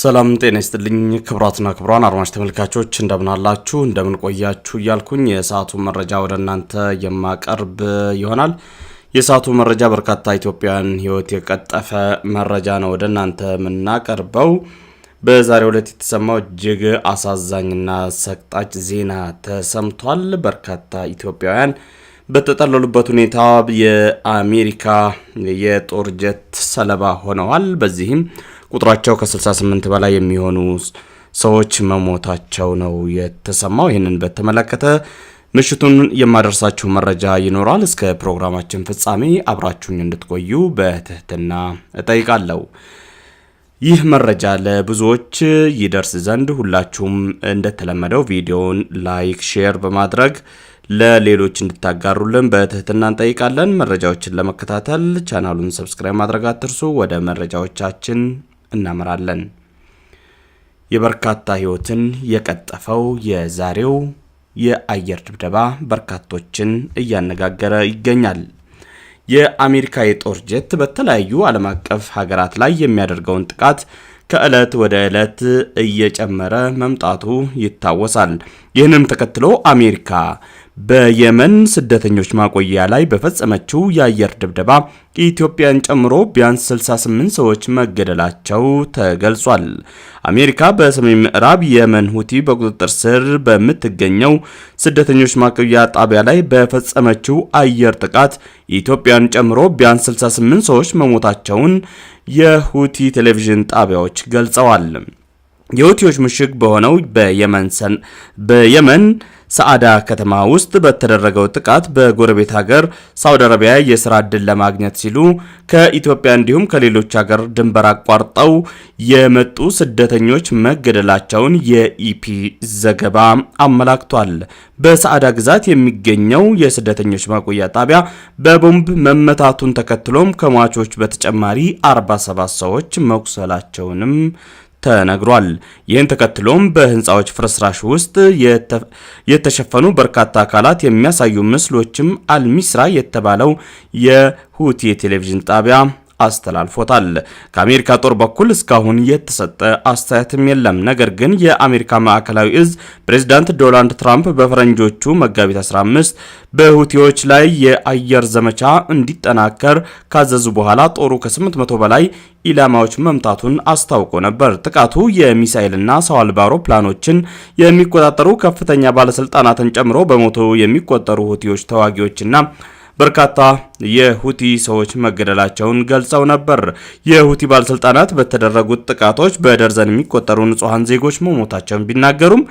ሰላም ጤና ይስጥልኝ ክቡራትና ክቡራን አድማጭ ተመልካቾች እንደምናላችሁ እንደምንቆያችሁ እያልኩኝ የሰዓቱ መረጃ ወደ እናንተ የማቀርብ ይሆናል። የሰዓቱ መረጃ በርካታ ኢትዮጵያውያን ህይወት የቀጠፈ መረጃ ነው ወደ እናንተ የምናቀርበው። በዛሬው ዕለት የተሰማው እጅግ አሳዛኝና ሰቅጣጭ ዜና ተሰምቷል። በርካታ ኢትዮጵያውያን በተጠለሉበት ሁኔታ የአሜሪካ የጦር ጀት ሰለባ ሆነዋል። በዚህም ቁጥራቸው ከ68 በላይ የሚሆኑ ሰዎች መሞታቸው ነው የተሰማው። ይህንን በተመለከተ ምሽቱን የማደርሳችሁ መረጃ ይኖራል። እስከ ፕሮግራማችን ፍጻሜ አብራችሁኝ እንድትቆዩ በትህትና እጠይቃለሁ። ይህ መረጃ ለብዙዎች ይደርስ ዘንድ ሁላችሁም እንደተለመደው ቪዲዮውን ላይክ፣ ሼር በማድረግ ለሌሎች እንድታጋሩልን በትህትና እንጠይቃለን። መረጃዎችን ለመከታተል ቻናሉን ሰብስክራይብ ማድረግ አትርሱ። ወደ መረጃዎቻችን እናመራለን። የበርካታ ሕይወትን የቀጠፈው የዛሬው የአየር ድብደባ በርካቶችን እያነጋገረ ይገኛል። የአሜሪካ የጦር ጀት በተለያዩ ዓለም አቀፍ ሀገራት ላይ የሚያደርገውን ጥቃት ከዕለት ወደ ዕለት እየጨመረ መምጣቱ ይታወሳል። ይህንም ተከትሎ አሜሪካ በየመን ስደተኞች ማቆያ ላይ በፈጸመችው የአየር ድብደባ ኢትዮጵያን ጨምሮ ቢያንስ 68 ሰዎች መገደላቸው ተገልጿል። አሜሪካ በሰሜን ምዕራብ የመን ሁቲ በቁጥጥር ስር በምትገኘው ስደተኞች ማቆያ ጣቢያ ላይ በፈጸመችው አየር ጥቃት ኢትዮጵያን ጨምሮ ቢያንስ 68 ሰዎች መሞታቸውን የሁቲ ቴሌቪዥን ጣቢያዎች ገልጸዋል። የሁቲዎች ምሽግ በሆነው በየመን ሰአዳ ከተማ ውስጥ በተደረገው ጥቃት በጎረቤት ሀገር ሳውዲ አረቢያ የስራ እድል ለማግኘት ሲሉ ከኢትዮጵያ እንዲሁም ከሌሎች ሀገር ድንበር አቋርጠው የመጡ ስደተኞች መገደላቸውን የኢፒ ዘገባ አመላክቷል። በሰአዳ ግዛት የሚገኘው የስደተኞች ማቆያ ጣቢያ በቦምብ መመታቱን ተከትሎም ከሟቾች በተጨማሪ 47 ሰዎች መቁሰላቸውንም ተነግሯል። ይህን ተከትሎም በህንፃዎች ፍርስራሽ ውስጥ የተሸፈኑ በርካታ አካላት የሚያሳዩ ምስሎችም አልሚስራ የተባለው የሁቲ የቴሌቪዥን ጣቢያ አስተላልፎታል። ከአሜሪካ ጦር በኩል እስካሁን የተሰጠ አስተያየትም የለም። ነገር ግን የአሜሪካ ማዕከላዊ እዝ ፕሬዚዳንት ዶናልድ ትራምፕ በፈረንጆቹ መጋቢት 15 በሁቲዎች ላይ የአየር ዘመቻ እንዲጠናከር ካዘዙ በኋላ ጦሩ ከ800 በላይ ኢላማዎች መምታቱን አስታውቆ ነበር። ጥቃቱ የሚሳኤልና ሰው አልባ አውሮፕላኖችን የሚቆጣጠሩ ከፍተኛ ባለስልጣናትን ጨምሮ በመቶ የሚቆጠሩ ሁቲዎች ተዋጊዎችና በርካታ የሁቲ ሰዎች መገደላቸውን ገልጸው ነበር። የሁቲ ባለስልጣናት በተደረጉት ጥቃቶች በደርዘን የሚቆጠሩ ንጹሐን ዜጎች መሞታቸውን ቢናገሩም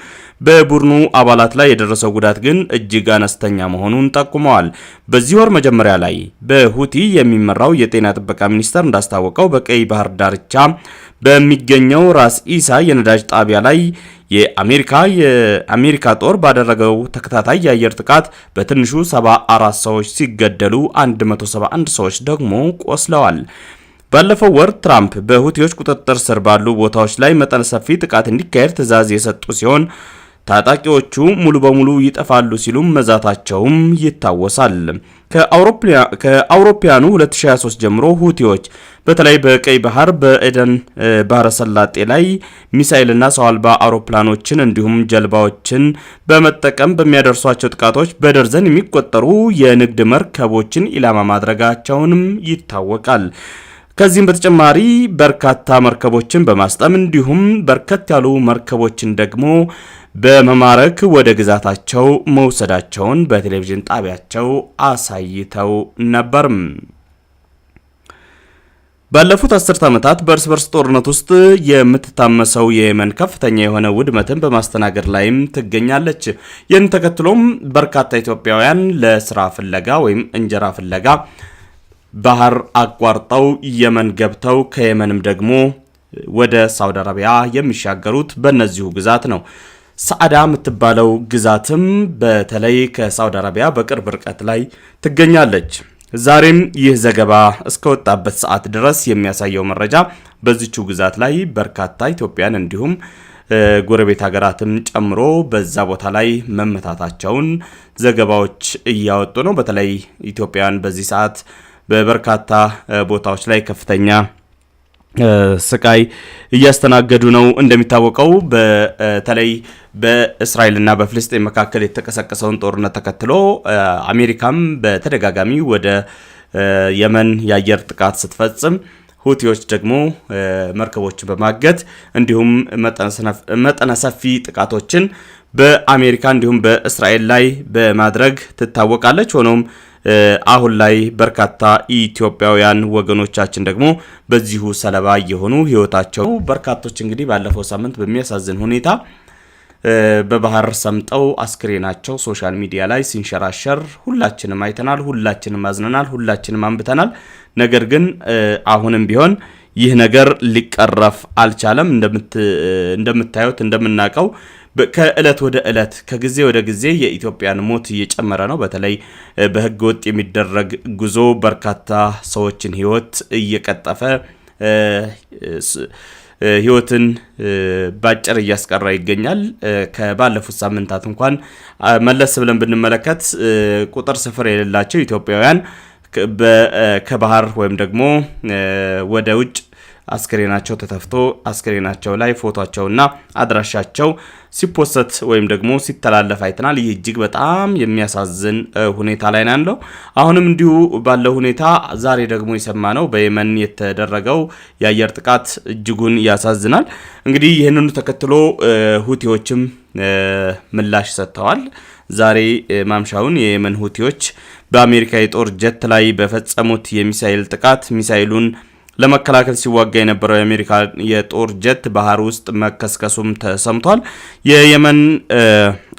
በቡድኑ አባላት ላይ የደረሰው ጉዳት ግን እጅግ አነስተኛ መሆኑን ጠቁመዋል። በዚህ ወር መጀመሪያ ላይ በሁቲ የሚመራው የጤና ጥበቃ ሚኒስቴር እንዳስታወቀው በቀይ ባህር ዳርቻ በሚገኘው ራስ ኢሳ የነዳጅ ጣቢያ ላይ የአሜሪካ የአሜሪካ ጦር ባደረገው ተከታታይ የአየር ጥቃት በትንሹ 74 ሰዎች ሲገደሉ 171 ሰዎች ደግሞ ቆስለዋል። ባለፈው ወር ትራምፕ በሁቲዎች ቁጥጥር ስር ባሉ ቦታዎች ላይ መጠነ ሰፊ ጥቃት እንዲካሄድ ትዕዛዝ የሰጡ ሲሆን ታጣቂዎቹ ሙሉ በሙሉ ይጠፋሉ ሲሉም መዛታቸውም ይታወሳል። ከአውሮፓውያኑ 2023 ጀምሮ ሁቲዎች በተለይ በቀይ ባህር በኤደን ባህረ ሰላጤ ላይ ሚሳኤልና ሰው አልባ አውሮፕላኖችን እንዲሁም ጀልባዎችን በመጠቀም በሚያደርሷቸው ጥቃቶች በደርዘን የሚቆጠሩ የንግድ መርከቦችን ኢላማ ማድረጋቸውንም ይታወቃል። ከዚህም በተጨማሪ በርካታ መርከቦችን በማስጠም እንዲሁም በርከት ያሉ መርከቦችን ደግሞ በመማረክ ወደ ግዛታቸው መውሰዳቸውን በቴሌቪዥን ጣቢያቸው አሳይተው ነበር። ባለፉት አስርት ዓመታት በእርስ በርስ ጦርነት ውስጥ የምትታመሰው የየመን ከፍተኛ የሆነ ውድመትን በማስተናገድ ላይም ትገኛለች። ይህን ተከትሎም በርካታ ኢትዮጵያውያን ለስራ ፍለጋ ወይም እንጀራ ፍለጋ ባህር አቋርጠው የመን ገብተው ከየመንም ደግሞ ወደ ሳውዲ አረቢያ የሚሻገሩት በእነዚሁ ግዛት ነው። ሳዕዳ የምትባለው ግዛትም በተለይ ከሳውዲ አረቢያ በቅርብ ርቀት ላይ ትገኛለች። ዛሬም ይህ ዘገባ እስከወጣበት ሰዓት ድረስ የሚያሳየው መረጃ በዚቹ ግዛት ላይ በርካታ ኢትዮጵያን እንዲሁም ጎረቤት ሀገራትም ጨምሮ በዛ ቦታ ላይ መመታታቸውን ዘገባዎች እያወጡ ነው። በተለይ ኢትዮጵያን በዚህ ሰዓት በበርካታ ቦታዎች ላይ ከፍተኛ ስቃይ እያስተናገዱ ነው። እንደሚታወቀው በተለይ በእስራኤልና በፍልስጤን መካከል የተቀሰቀሰውን ጦርነት ተከትሎ አሜሪካም በተደጋጋሚ ወደ የመን የአየር ጥቃት ስትፈጽም ሁቲዎች ደግሞ መርከቦችን በማገት እንዲሁም መጠነ ሰፊ ጥቃቶችን በአሜሪካ እንዲሁም በእስራኤል ላይ በማድረግ ትታወቃለች። ሆኖም አሁን ላይ በርካታ ኢትዮጵያውያን ወገኖቻችን ደግሞ በዚሁ ሰለባ እየሆኑ ህይወታቸው በርካቶች እንግዲህ ባለፈው ሳምንት በሚያሳዝን ሁኔታ በባህር ሰምጠው አስክሬናቸው ሶሻል ሚዲያ ላይ ሲንሸራሸር ሁላችንም አይተናል፣ ሁላችንም አዝነናል፣ ሁላችንም አንብተናል። ነገር ግን አሁንም ቢሆን ይህ ነገር ሊቀረፍ አልቻለም። እንደምታዩት እንደምናውቀው ከእለት ወደ እለት ከጊዜ ወደ ጊዜ የኢትዮጵያን ሞት እየጨመረ ነው። በተለይ በህገ ወጥ የሚደረግ ጉዞ በርካታ ሰዎችን ህይወት እየቀጠፈ ህይወትን ባጭር እያስቀራ ይገኛል። ከባለፉት ሳምንታት እንኳን መለስ ብለን ብንመለከት ቁጥር ስፍር የሌላቸው ኢትዮጵያውያን ከባህር ወይም ደግሞ ወደ ውጭ አስክሬናቸው ተተፍቶ አስክሬናቸው ላይ ፎቶቸውና አድራሻቸው ሲፖሰት ወይም ደግሞ ሲተላለፍ አይተናል። ይህ እጅግ በጣም የሚያሳዝን ሁኔታ ላይ ነው ያለው። አሁንም እንዲሁ ባለው ሁኔታ ዛሬ ደግሞ የሰማ ነው በየመን የተደረገው የአየር ጥቃት እጅጉን ያሳዝናል። እንግዲህ ይህንኑ ተከትሎ ሁቲዎችም ምላሽ ሰጥተዋል። ዛሬ ማምሻውን የየመን ሁቲዎች በአሜሪካ የጦር ጀት ላይ በፈጸሙት የሚሳኤል ጥቃት ሚሳኤሉን ለመከላከል ሲዋጋ የነበረው የአሜሪካ የጦር ጀት ባህር ውስጥ መከስከሱም ተሰምቷል። የየመን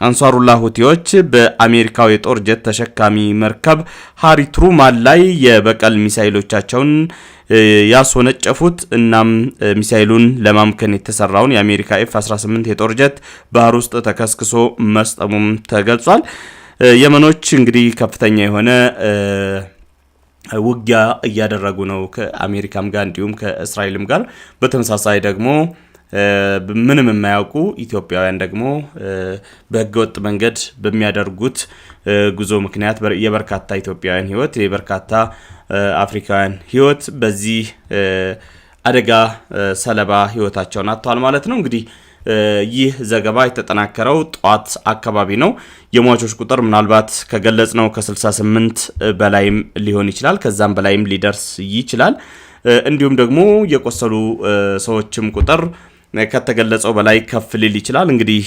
አንሷሩላ ሁቲዎች በአሜሪካው የጦር ጀት ተሸካሚ መርከብ ሀሪ ትሩማን ላይ የበቀል ሚሳይሎቻቸውን ያስወነጨፉት እናም ሚሳይሉን ለማምከን የተሰራውን የአሜሪካ ኤፍ 18 የጦር ጀት ባህር ውስጥ ተከስክሶ መስጠሙም ተገልጿል። የመኖች እንግዲህ ከፍተኛ የሆነ ውጊያ እያደረጉ ነው ከአሜሪካም ጋር እንዲሁም ከእስራኤልም ጋር። በተመሳሳይ ደግሞ ምንም የማያውቁ ኢትዮጵያውያን ደግሞ በህገወጥ መንገድ በሚያደርጉት ጉዞ ምክንያት የበርካታ ኢትዮጵያውያን ህይወት፣ የበርካታ አፍሪካውያን ህይወት በዚህ አደጋ ሰለባ ህይወታቸውን አጥተዋል ማለት ነው እንግዲህ ይህ ዘገባ የተጠናከረው ጠዋት አካባቢ ነው። የሟቾች ቁጥር ምናልባት ከገለጽ ነው ከ68 በላይም ሊሆን ይችላል፣ ከዛም በላይም ሊደርስ ይችላል። እንዲሁም ደግሞ የቆሰሉ ሰዎችም ቁጥር ከተገለጸው በላይ ከፍ ሊል ይችላል። እንግዲህ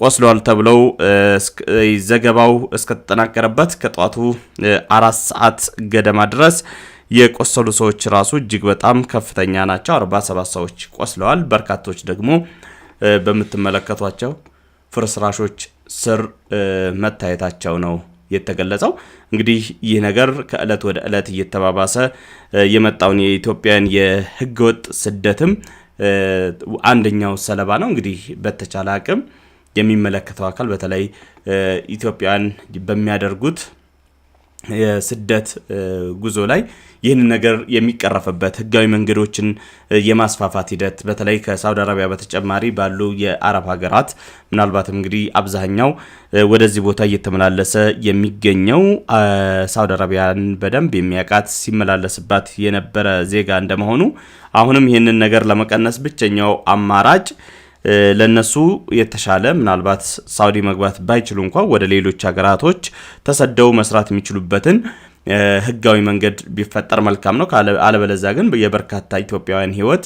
ቆስሏል ተብለው ዘገባው እስከተጠናቀረበት ከጠዋቱ አራት ሰዓት ገደማ ድረስ የቆሰሉ ሰዎች ራሱ እጅግ በጣም ከፍተኛ ናቸው። 47 ሰዎች ቆስለዋል። በርካቶች ደግሞ በምትመለከቷቸው ፍርስራሾች ስር መታየታቸው ነው የተገለጸው። እንግዲህ ይህ ነገር ከእለት ወደ እለት እየተባባሰ የመጣውን የኢትዮጵያን የህገወጥ ስደትም አንደኛው ሰለባ ነው። እንግዲህ በተቻለ አቅም የሚመለከተው አካል በተለይ ኢትዮጵያን በሚያደርጉት የስደት ጉዞ ላይ ይህንን ነገር የሚቀረፍበት ህጋዊ መንገዶችን የማስፋፋት ሂደት በተለይ ከሳውዲ አረቢያ በተጨማሪ ባሉ የአረብ ሀገራት ምናልባትም እንግዲህ አብዛኛው ወደዚህ ቦታ እየተመላለሰ የሚገኘው ሳውዲ አረቢያን በደንብ የሚያውቃት ሲመላለስባት የነበረ ዜጋ እንደመሆኑ አሁንም ይህንን ነገር ለመቀነስ ብቸኛው አማራጭ ለነሱ የተሻለ ምናልባት ሳውዲ መግባት ባይችሉ እንኳ ወደ ሌሎች ሀገራቶች ተሰደው መስራት የሚችሉበትን ህጋዊ መንገድ ቢፈጠር መልካም ነው። አለበለዚያ ግን የበርካታ ኢትዮጵያውያን ህይወት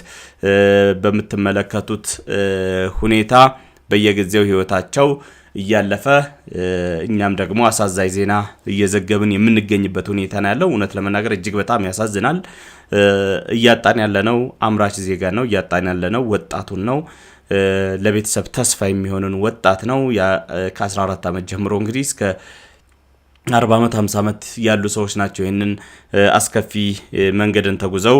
በምትመለከቱት ሁኔታ በየጊዜው ህይወታቸው እያለፈ እኛም ደግሞ አሳዛኝ ዜና እየዘገብን የምንገኝበት ሁኔታ ነው ያለው። እውነት ለመናገር እጅግ በጣም ያሳዝናል። እያጣን ያለነው አምራች ዜጋ ነው። እያጣን ያለነው ወጣቱን ነው። ለቤተሰብ ተስፋ የሚሆንን ወጣት ነው። ከ14 ዓመት ጀምሮ እንግዲህ እስከ አርባ ዓመት ሀምሳ ዓመት ያሉ ሰዎች ናቸው ይህንን አስከፊ መንገድን ተጉዘው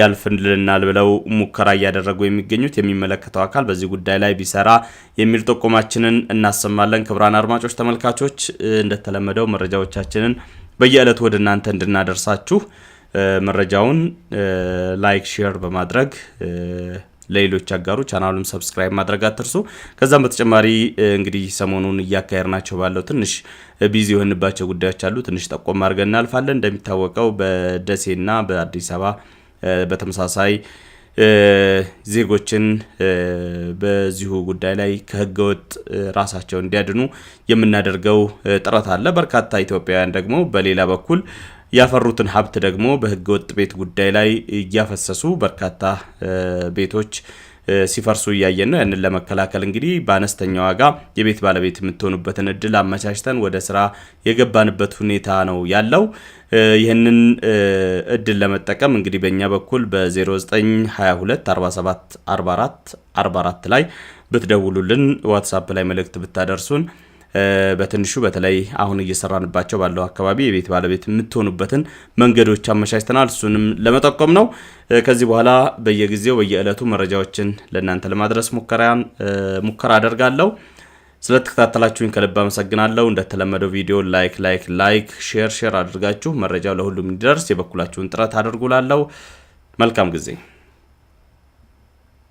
ያልፍልናል ብለው ሙከራ እያደረጉ የሚገኙት። የሚመለከተው አካል በዚህ ጉዳይ ላይ ቢሰራ የሚል ጥቆማችንን እናሰማለን። ክቡራን አድማጮች፣ ተመልካቾች እንደተለመደው መረጃዎቻችንን በየዕለቱ ወደ እናንተ እንድናደርሳችሁ መረጃውን ላይክ፣ ሼር በማድረግ ለሌሎች አጋሩ ቻናሉን ሰብስክራይብ ማድረግ አትርሱ። ከዛም በተጨማሪ እንግዲህ ሰሞኑን ናቸው ባለው ትንሽ ቢዚ የሆንባቸው ጉዳዮች አሉ። ትንሽ ጠቆም አድርገን እናልፋለን። እንደሚታወቀው በደሴና በአዲስ አበባ በተመሳሳይ ዜጎችን በዚሁ ጉዳይ ላይ ከህገወጥ ራሳቸው እንዲያድኑ የምናደርገው ጥረት አለ። በርካታ ኢትዮጵያውያን ደግሞ በሌላ በኩል ያፈሩትን ሀብት ደግሞ በህገ ወጥ ቤት ጉዳይ ላይ እያፈሰሱ በርካታ ቤቶች ሲፈርሱ እያየን ነው። ያንን ለመከላከል እንግዲህ በአነስተኛ ዋጋ የቤት ባለቤት የምትሆኑበትን እድል አመቻችተን ወደ ስራ የገባንበት ሁኔታ ነው ያለው። ይህንን እድል ለመጠቀም እንግዲህ በእኛ በኩል በ0922474444 ላይ ብትደውሉልን፣ ዋትሳፕ ላይ መልእክት ብታደርሱን በትንሹ በተለይ አሁን እየሰራንባቸው ባለው አካባቢ የቤት ባለቤት የምትሆኑበትን መንገዶች አመቻችተናል። እሱንም ለመጠቆም ነው። ከዚህ በኋላ በየጊዜው በየዕለቱ መረጃዎችን ለእናንተ ለማድረስ ሙከራ አደርጋለሁ። ስለተከታተላችሁኝ ከልብ አመሰግናለሁ። እንደተለመደው ቪዲዮ ላይክ ላይክ ላይክ ሼር ሼር አድርጋችሁ መረጃው ለሁሉም እንዲደርስ የበኩላችሁን ጥረት አድርጉላለሁ። መልካም ጊዜ